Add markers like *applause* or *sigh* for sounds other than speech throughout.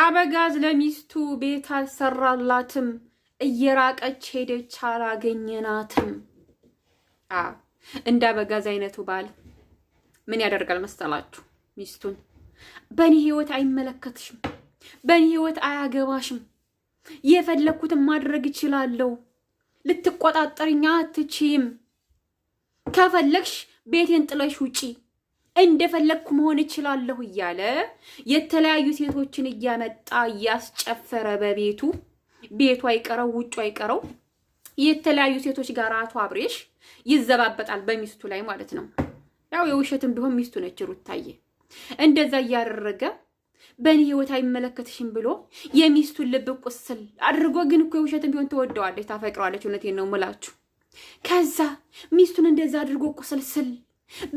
አበጋዝ ለሚስቱ ቤት አልሰራላትም፣ እየራቀች ሄደች አላገኘናትም። እንደ አበጋዝ አይነቱ ባል ምን ያደርጋል መሰላችሁ? ሚስቱን በእኔ ህይወት አይመለከትሽም፣ በእኔ ህይወት አያገባሽም፣ የፈለግኩትን ማድረግ እችላለሁ፣ ልትቆጣጠርኛ አትችይም፣ ከፈለግሽ ቤቴን ጥለሽ ውጪ እንደፈለግኩ መሆን እችላለሁ እያለ የተለያዩ ሴቶችን እያመጣ እያስጨፈረ በቤቱ ቤቱ አይቀረው ውጩ አይቀረው የተለያዩ ሴቶች ጋር አቶ አብሬሽ ይዘባበጣል በሚስቱ ላይ ማለት ነው። ያው የውሸትም ቢሆን ሚስቱ ነች ሩታዬ። እንደዛ እያደረገ በእኔ ህይወት አይመለከትሽም ብሎ የሚስቱን ልብ ቁስል አድርጎ፣ ግን እኮ የውሸትም ቢሆን ትወደዋለች፣ ታፈቅረዋለች። እውነቴን ነው ምላችሁ። ከዛ ሚስቱን እንደዛ አድርጎ ቁስል ስል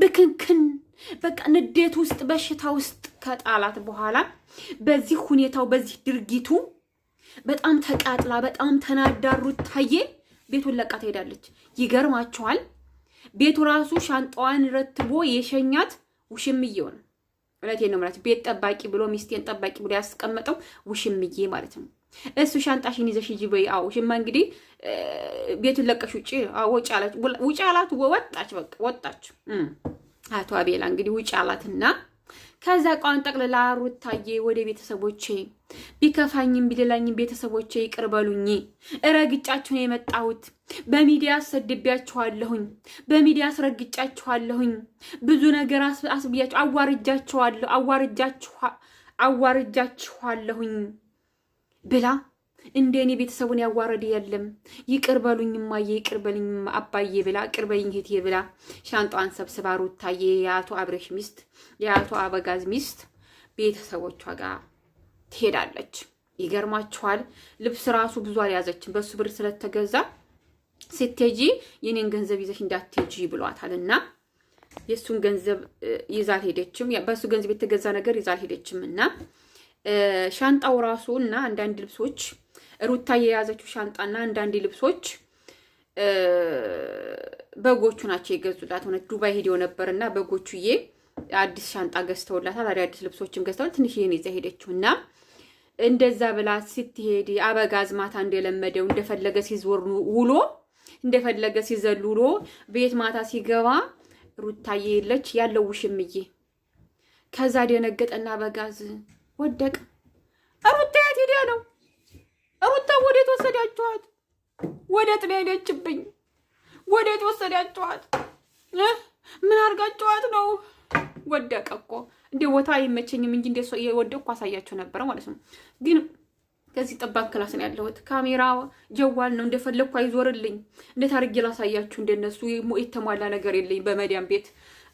ብክንክን በቃ ንዴት ውስጥ በሽታ ውስጥ ከጣላት በኋላ በዚህ ሁኔታው በዚህ ድርጊቱ በጣም ተቃጥላ በጣም ተናዳሩ ታዬ ቤቱን ለቃ ትሄዳለች። ይገርማችኋል፣ ቤቱ ራሱ ሻንጣዋን ረትቦ የሸኛት ውሽምዬው ነው። እውነቴን ነው የምላችሁ። ቤት ጠባቂ ብሎ ሚስቴን ጠባቂ ብሎ ያስቀመጠው ውሽምዬ ማለት ነው። እሱ ሻንጣሽን ይዘሽ ሂጂ በይ። አዎ ሽማ እንግዲህ ቤቱን ለቀሽ ውጪ ውጭ አላት። ውጭ አላት። ወጣች፣ በቃ ወጣች። አቶ አቤላ እንግዲህ ውጭ አላትና ከዛ ቋን ጠቅልላ ሩታዬ ወደ ቤተሰቦቼ ቢከፋኝም ቢደላኝም ቤተሰቦቼ ይቅር በሉኝ። እረግጫችሁ ነው የመጣሁት። በሚዲያ አሰድቢያችኋለሁኝ፣ በሚዲያ አስረግጫችኋለሁኝ፣ ብዙ ነገር አስብያችሁ አዋርጃችኋለሁ፣ አዋርጃችኋለሁኝ ብላ እንደ እኔ ቤተሰቡን ያዋረድ የለም። ይቅር በሉኝ እማዬ፣ ይቅር አባዬ ብላ ይቅር በሉኝ እህቴ ብላ ሻንጣዋን ሰብስባ ሩታዬ የአቶ አብረሽ ሚስት የአቶ አበጋዝ ሚስት ቤተሰቦቿ ጋር ትሄዳለች። ይገርማችኋል፣ ልብስ ራሱ ብዙ አልያዘችም። በሱ ብር ስለተገዛ ስትሄጂ የኔን ገንዘብ ይዘሽ እንዳትሄጂ ብሏታል እና የእሱን ገንዘብ ይዛ አልሄደችም። በእሱ ገንዘብ የተገዛ ነገር ይዛ አልሄደችም እና ሻንጣው ራሱ እና አንዳንድ ልብሶች ሩታ የያዘችው ሻንጣ እና አንዳንድ ልብሶች በጎቹ ናቸው የገዙላት። ሆነ ዱባይ ሄደው ነበር እና በጎቹዬ አዲስ ሻንጣ ገዝተውላታል። አዲስ ልብሶችም ገዝተውላት ትንሽ ይህን ይዛ ሄደችው እና እንደዛ ብላ ስትሄድ አበጋዝ ማታ እንደለመደው እንደፈለገ ሲዞር ውሎ እንደፈለገ ሲዘል ውሎ ቤት ማታ ሲገባ ሩታዬ የለች ያለው ውሽምዬ። ከዛ ደነገጠና አበጋዝ ወደቀ። ሩታ የት ሄዳ ነው? ሩታ ወዴት ወሰዳችኋት? ወደ ጥላ ሄደችብኝ። ወዴት ወሰዳችኋት? ምን አድርጋችኋት ነው? ወደቀ እኮ እንደ ቦታ አይመቸኝም እንጂ እንደ የወደቅኩ አሳያቸው ነበረ ማለት ነው። ግን ከዚህ ጠባብ ክላስ ነው ያለሁት። ካሜራ ጀዋል ነው እንደፈለግኩ አይዞርልኝ። እንዴት አድርጌ ላሳያችሁ? እንደነሱ የተሟላ ነገር የለኝ። በመዳን ቤት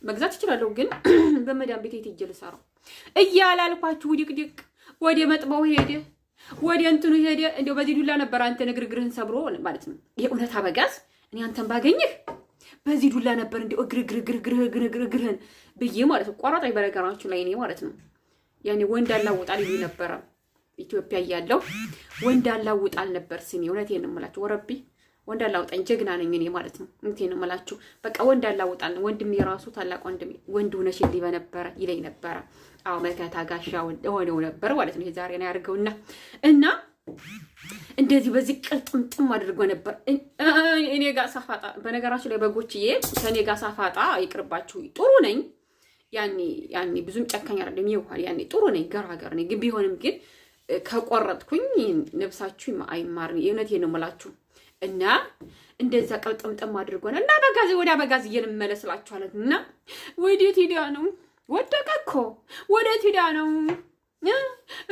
መግዛት እችላለሁ፣ ግን *clears throat* በመዳን ቤት የት ሄጄ ልሰራው? እያላልኳችሁ ውድቅድቅ ወደ መጥበው ሄደ፣ ወደ እንትኑ ሄደ። እንዲያው በዚህ ዱላ ነበር አንተ ንግርግርህን ሰብሮ ማለት ነው። የእውነት አበጋዝ እኔ አንተን ባገኝህ በዚህ ዱላ ነበር እንዲ እግርግርግርግርግርግርህን ብዬ ማለት ነው። ቆራጣኝ በነገራችሁ ላይ እኔ ማለት ነው ያኔ ወንድ አላውጣል ይሉ ነበረ ኢትዮጵያ እያለሁ ወንድ አላውጣል ነበር ስሜ። እውነቴን ነው የምላችሁ ወረቢ ወንድ አላውጣኝ ጀግና ነኝ እኔ ማለት ነው። እንቴ ነው መላችሁ። በቃ ወንድ አላውጣልን ወንድሜ የራሱ ታላቅ ወንድሜ ወንድ ሆነሽ ይልይ በነበረ ይለኝ ነበረ። አዎ መከታ ጋሻ ሆነው ነበር ማለት ነው። የዛሬ ነው ያድርገውና እና እንደዚህ በዚህ ቅልጥምጥም አድርጎ ነበር እኔ ጋር ሳፋጣ። በነገራችሁ ላይ በጎችዬ ከእኔ ጋር ሳፋጣ ይቅርባችሁ። ጥሩ ነኝ ያኔ ያኔ ብዙም ጨካኝ አይደለም ይውሃል። ያኔ ጥሩ ነኝ ገራገር ነኝ ግን ቢሆንም ግን ከቆረጥኩኝ ነብሳችሁ አይማር። የእውነቴ ነው የምላችሁ። እና እንደዛ ቀልጠምጠም አድርጎናል። እና አበጋዜ ወደ አበጋዜ እንመለስላችኋለን። እና ወዴት ሄዳ ነው? ወደቀ እኮ ወዴት ሄዳ ነው?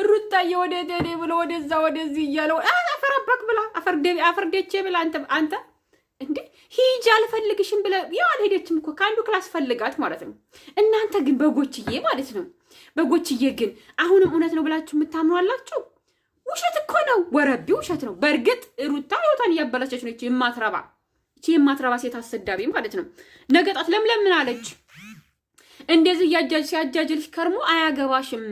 ሩጣዬ ወደ ደዴ ብሎ ወደዛ ወደዚህ እያለው አፈራባክ ብላ አፈርደቼ ብላ አንተ አንተ እንዴ ሂጅ አልፈልግሽም ብለ ያው አልሄደችም እኮ ከአንዱ ክላስ ፈልጋት ማለት ነው። እናንተ ግን በጎችዬ ማለት ነው በጎችዬ ግን አሁንም እውነት ነው ብላችሁ የምታምኗላችሁ ውሸት እኮ ነው፣ ወረቢ ውሸት ነው። በእርግጥ ሩታ ህይወቷን እያበላሸች ነው። የማትረባ ይቺ የማትረባ ሴት አሰዳቢ ማለት ነው። ነገጣት ለምለምን አለች። እንደዚህ እያጃጅ ሲያጃጅልሽ ከርሞ አያገባሽም።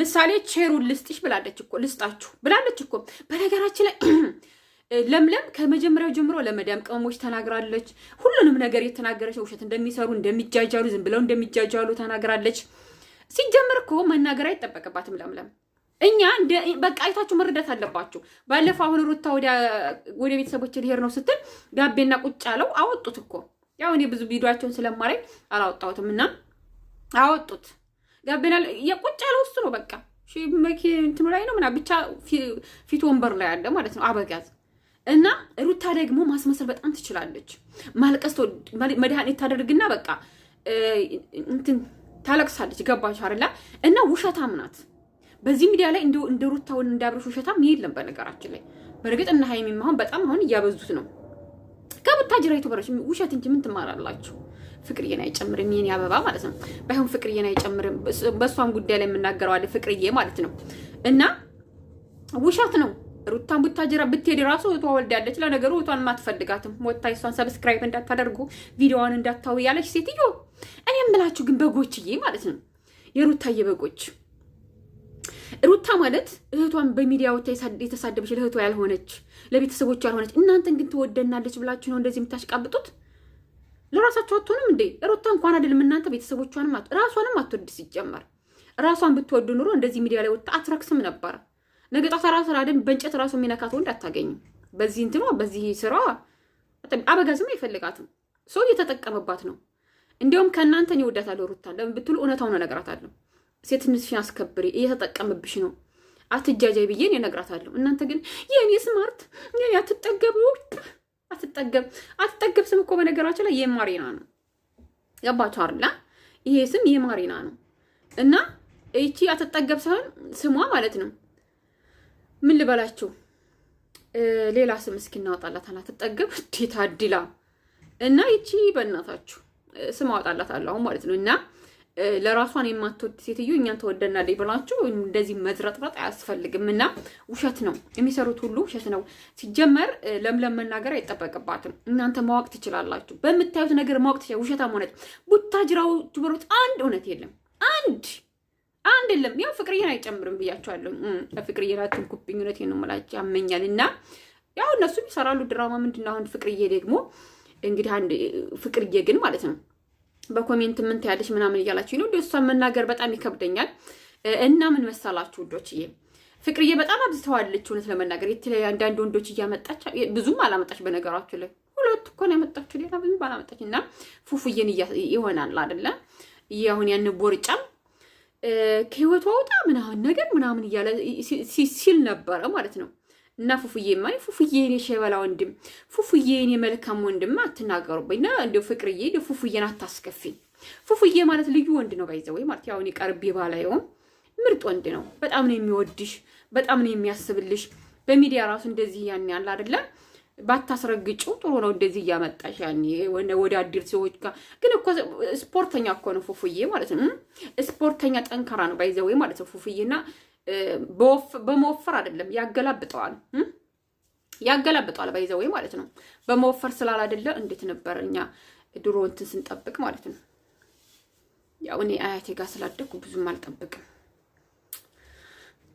ምሳሌ ቼሩን ልስጥሽ ብላለች እኮ ልስጣችሁ ብላለች እኮ። በነገራችን ላይ *clears throat* ለምለም ከመጀመሪያው ጀምሮ ለመዳም ቅመሞች ተናግራለች። ሁሉንም ነገር የተናገረች ውሸት እንደሚሰሩ እንደሚጃጃሉ፣ ዝም ብለው እንደሚጃጃሉ ተናግራለች። ሲጀምር እኮ መናገር አይጠበቅባትም ለምለም። እኛ በቃ አይታችሁ መረዳት አለባችሁ። ባለፈው አሁን ሩታ ወደ ቤተሰቦች ልሄድ ነው ስትል ጋቤና ቁጭ አለው አወጡት እኮ ያው እኔ ብዙ ቪዲዮቸውን ስለማላይ አላወጣሁትም እና አወጡት። ጋቤና የቁጭ ያለው እሱ ነው በቃ እንትኑ ላይ ነው ምና ብቻ ፊት ወንበር ላይ አለ ማለት ነው አበጋዝ እና ሩታ ደግሞ ማስመሰል በጣም ትችላለች። ማልቀስ መድኃኒት ታደርግና በቃ እንትን ታለቅሳለች። ገባች አይደለ? እና ውሸታም ናት። በዚህ ሚዲያ ላይ እንደ ሩታውን እንዳብረሽ ውሸታም የለም። በነገራችን ላይ በእርግጥ እና ሀይሚም አሁን በጣም አሁን እያበዙት ነው። ከብታጅራ የተበረች ውሸት እንጂ ምን ትማራላችሁ? ፍቅርዬን አይጨምርም የኔ አበባ ማለት ነው። ባይሆን ፍቅርዬን አይጨምርም። በእሷም ጉዳይ ላይ የምናገረው አለ ፍቅርዬ ማለት ነው። እና ውሸት ነው። ሩታን ብታጀራ ብትሄድ ራሱ እህቷ ወልዳለች። ለነገሩ እህቷን ማትፈልጋትም ወታ እሷን ሰብስክራይብ እንዳታደርጉ ቪዲዮዋን እንዳታው ያለች ሴትዮ እኔ የምላችሁ ግን በጎችዬ ማለት ነው የሩታዬ በጎች ሩታ ማለት እህቷን በሚዲያ ወታ የተሳደበች ለእህቷ ያልሆነች ለቤተሰቦች ያልሆነች፣ እናንተን ግን ትወደናለች ብላችሁ ነው እንደዚህ የምታሽቃብጡት። ለራሳችሁ አትሆንም እንዴ? ሩታ እንኳን አይደለም እናንተ ቤተሰቦቿንም ራሷንም አትወድ። ሲጀመር ራሷን ብትወዱ ኑሮ እንደዚህ ሚዲያ ላይ ወጥታ አትረክስም ነበረ። ነገ ጧት ራሱ አደን በእንጨት ራሱ የሚነካት ወንድ አታገኝም። በዚህ እንትኗ በዚህ ስራ አበጋዝም አይፈልጋትም። ሰው እየተጠቀመባት ነው። እንዲሁም ከእናንተ እኔ እወዳታለሁ ሩታን ለምን ብትሉ እውነታውን እነግራታለሁ። ሴትነትሽን አስከብሪ፣ እየተጠቀምብሽ ነው፣ አትጃጃይ ብዬን እኔ እነግራታለሁ። እናንተ ግን የእኔ ስማርት የእኔ አትጠገብ አትጠገብ አትጠገብ። ስም እኮ በነገራችን ላይ የማሪና ነው። ገባችሁ አይደል? ይሄ ስም የማሪና ነው እና ይቺ አትጠገብ ሳይሆን ስሟ ማለት ነው። ምን ልበላችሁ ሌላ ስም እስኪ እናወጣላት። አትጠገብ እንዴት አድላ እና ይቺ በእናታችሁ ስም አወጣላታለሁ አሁን ማለት ነው። እና ለራሷን የማትወድ ሴትዮ እኛን ተወደናለች ብላችሁ እንደዚህ መዝረጥረጥ አያስፈልግም። እና ውሸት ነው የሚሰሩት ሁሉ ውሸት ነው። ሲጀመር ለምለም መናገር አይጠበቅባትም። እናንተ ማወቅ ትችላላችሁ። በምታዩት ነገር ማወቅ ትችላ ውሸታም ሆነት ቡታጅራዎቹ ትበሩት አንድ እውነት የለም አንድ አንድ የለም። ያው ፍቅርዬን አይጨምርም ብያቸዋለሁ። ፍቅርዬ ናትን ኩብኝነት ነው የምላቸው ያመኛል። እና ያው እነሱም ይሰራሉ ድራማ ምንድን ነው አሁን ፍቅርዬ ደግሞ እንግዲህ አንድ ፍቅርዬ ግን ማለት ነው በኮሜንት ምን ታያለች ምናምን እያላችሁ ነው። እሷን መናገር በጣም ይከብደኛል እና ምን መሳላችሁ ውዶችዬ ፍቅርዬ በጣም አብዝተዋለች። እውነት ለመናገር የተለያዩ አንዳንድ ወንዶች እያመጣች ብዙም አላመጣች። በነገራችሁ ላይ ሁለት እኮ ነው ያመጣችሁ፣ ሌላ ብዙም አላመጣች እና ፉፉዬን ይሆናል አደለ አሁን ያን ቦርጫም ከህይወቷ ውጣ ምናምን ነገር ምናምን እያለ ሲል ነበረ ማለት ነው። እና ፉፉዬ ማ ፉፉዬ የኔ ሸበላ ወንድም ፉፉዬ የኔ መልካም ወንድም አትናገሩብኝ። ና እንደ ፍቅርዬ እንደ ፉፉዬን አታስከፊኝ። ፉፉዬ ማለት ልዩ ወንድ ነው። ባይዘ ወይ ማለት ያሁን እኔ ባላየውም ምርጥ ወንድ ነው። በጣም ነው የሚወድሽ፣ በጣም ነው የሚያስብልሽ። በሚዲያ ራሱ እንደዚህ ያን ያለ አይደለም ባታስረግጩ ጥሩ ነው። እንደዚህ እያመጣሽ ያኔ ወዳድር ሰዎች ጋር ግን እኮ ስፖርተኛ እኮ ነው ፉፉዬ ማለት ነው። ስፖርተኛ ጠንካራ ነው ወይ ማለት ነው ፉፉዬ እና በመወፈር አይደለም ያገላብጠዋል ያገላብጠዋል ወይ ማለት ነው። በመወፈር ስላል አይደለ እንዴት ነበር እኛ ድሮ እንትን ስንጠብቅ ማለት ነው። ያው እኔ አያቴ ጋር ስላደግኩ ብዙም አልጠብቅም።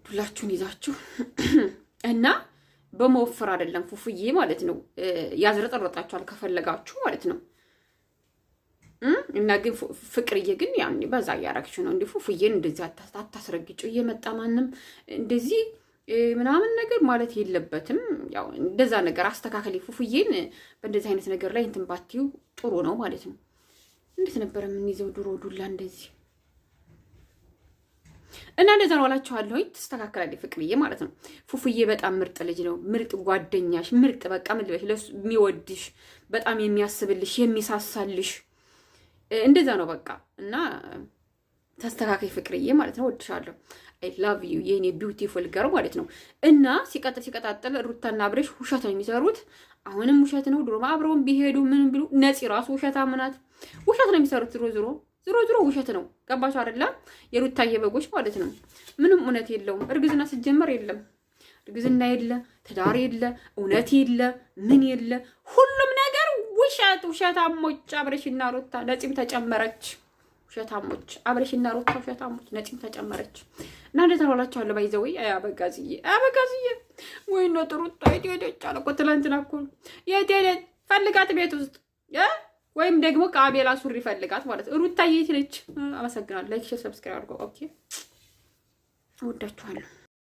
ዱላችሁን ይዛችሁ *clears throat* እና በመወፈር አይደለም ፉፉዬ ማለት ነው። ያዝረጠረጣችኋል ከፈለጋችሁ ማለት ነው። እና ግን ፍቅርዬ ግን ያኔ በዛ እያረግች ነው እንዲ ፉፉዬን እንደዚህ አታስረግጭው እየመጣ ማንም እንደዚህ ምናምን ነገር ማለት የለበትም። ያው እንደዛ ነገር አስተካከል። ፉፉዬን በእንደዚህ አይነት ነገር ላይ እንትን ባትዩ ጥሩ ነው ማለት ነው። እንዴት ነበረ የምንይዘው ድሮ ዱላ እንደዚህ እና እንደዛ ነው እላችኋለሁኝ። ትስተካከላለች ፍቅርዬ ማለት ነው። ፉፉዬ በጣም ምርጥ ልጅ ነው። ምርጥ ጓደኛሽ፣ ምርጥ በቃ ምልበሽ ለሱ የሚወድሽ በጣም የሚያስብልሽ የሚሳሳልሽ እንደዛ ነው በቃ። እና ተስተካካይ ፍቅርዬ ማለት ነው። ወድሻለሁ። አይ ላቭ ዩ የኔ ቢውቲፉል ገር ማለት ነው። እና ሲቀጥል ሲቀጣጠል ሩታና አብሬሽ ውሸት ነው የሚሰሩት። አሁንም ውሸት ነው። ድሮ አብረውን ቢሄዱ ምን ብሉ ነፂ ራሱ ውሸት አምናት ውሸት ነው የሚሰሩት ዝሮ ዝሮ ዝሮ ዝሮ ውሸት ነው። ገባቸው አይደለ? የሩታዬ በጎች ማለት ነው። ምንም እውነት የለውም። እርግዝና ሲጀመር የለም፣ እርግዝና የለ፣ ትዳር የለ፣ እውነት የለ፣ ምን የለ ሁሉም ውሸት ውሸታሞች አብረሽና ሩታ ነፂም ተጨመረች። ውሸታሞች አብረሽና ሩታ ውሸታሞች ነፂም ተጨመረች እና እንደ ተባላችኋለሁ ባይዘዊ አበጋዝዬ አበጋዝዬ ወይ ነው ጥሩታ የቴደች አለ እኮ ትላንትና እኮ የቴደ ፈልጋት ቤት ውስጥ ወይም ደግሞ ከአቤላ ሱሪ ፈልጋት ማለት ሩታ የት ነች? አመሰግናለሁ። ላይክ፣ ሼር፣ ሰብስክራይብ አድርጎ ኦኬ። እወዳችኋለሁ።